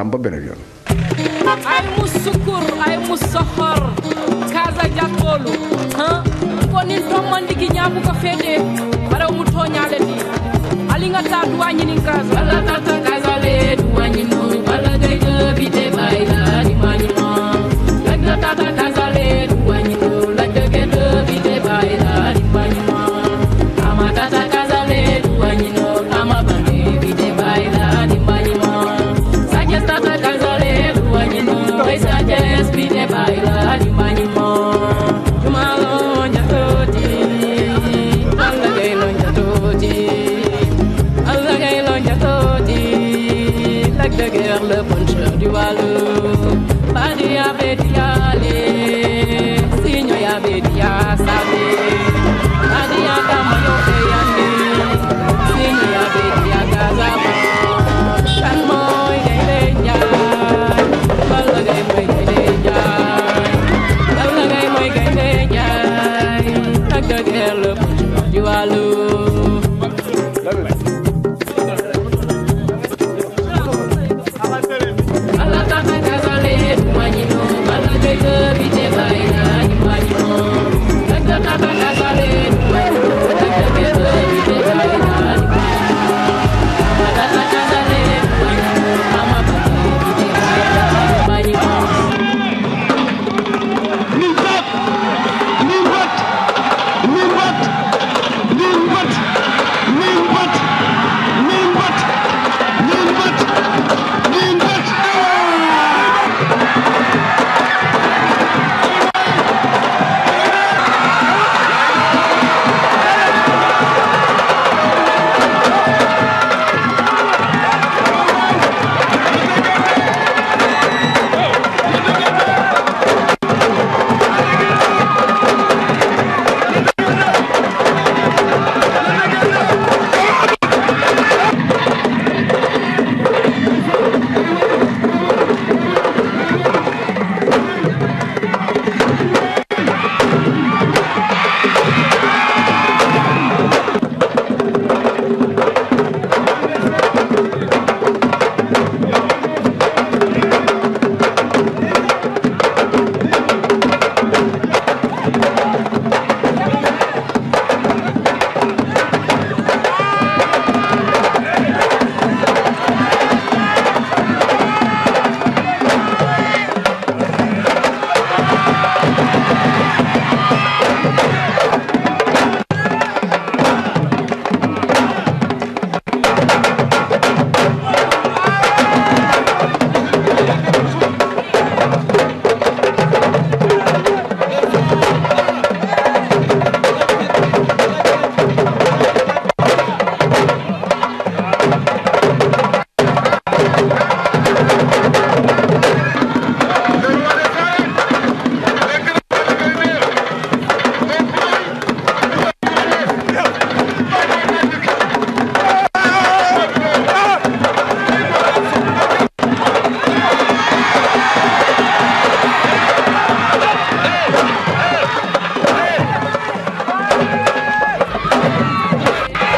am ba beneen yoon. ay mu sukkur ay mu soxor kaasa jàppoolu han ko nin tommandi gi ñaabu ko féete bara ni ali nga taa duwaa Badia, Badia,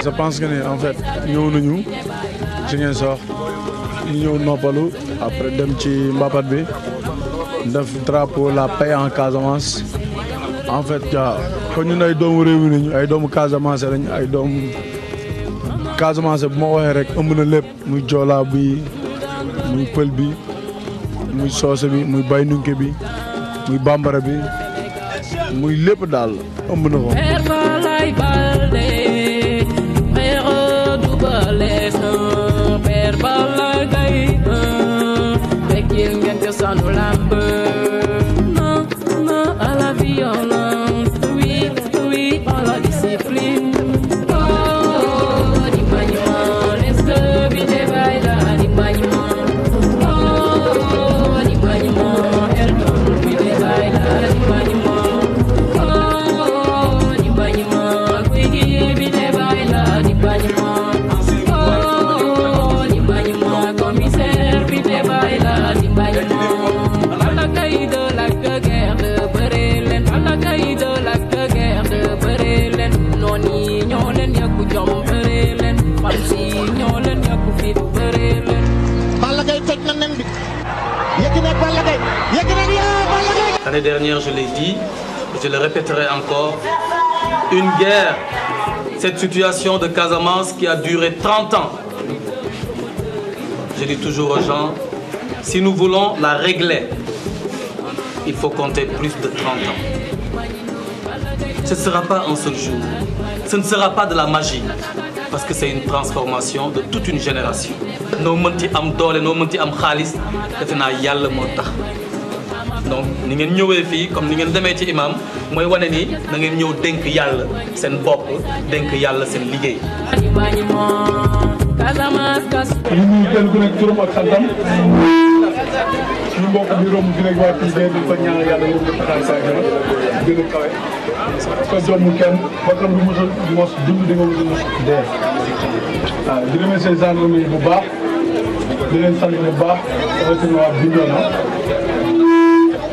je pense que en fait ñëw nañu si ngeen sox ñu ñëw noppalu après dem ci mbapat bi def drapeau la paix en Casamance en fait ja kon ñun ay doomu réew mi nañu ay doom Casamance lañ ay doomu Casamance bu ma waxee rek ëmb na lépp muy joolaa bi muy pël bi muy soose bi muy baynunke bi muy bi muy lépp daal ëmb na sunu làmb L'année dernière, je la dit, je le répéterai encore, une guerre, cette situation de Casamance qui a duré trente ans. Je dis toujours aux gens, si nous voulons la régler, il faut compter plus de 30 ans. Ce ne sera pas un seul jour. Ce ne sera pas de la magie. Parce que c'est une transformation de toute une génération. Nous sommes tous les gens, nous sommes tous les donc ni ngeen ñëwee fii comme ni ngeen demee ci imam mooy wane ni na ngeen ñëw dénk yàlla seen bopp dénk yàlla seen liggéey. li ñuy jël ku nekk turam ak santam suñu mbokk bi romb bi rek waa Kydé di fa ñaan yàlla yëpp dafa taxaw saa gën a gën a kawe. te jomb kenn bakkan du mos a mos dund di nga mos a mos dee. waaw di remercier gendarme yi bu baax di leen sant bu baax rawatina waa Bignona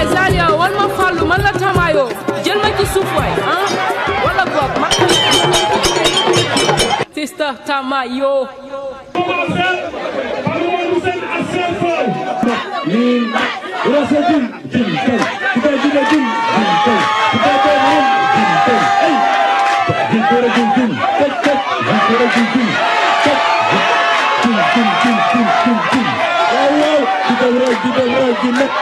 ezali yow wal ma xollu man la tamaayoo jël ma ci suuf waay ah wala boog ma sista tamaayoo waaw waaw di dem rek di dem rek di nekk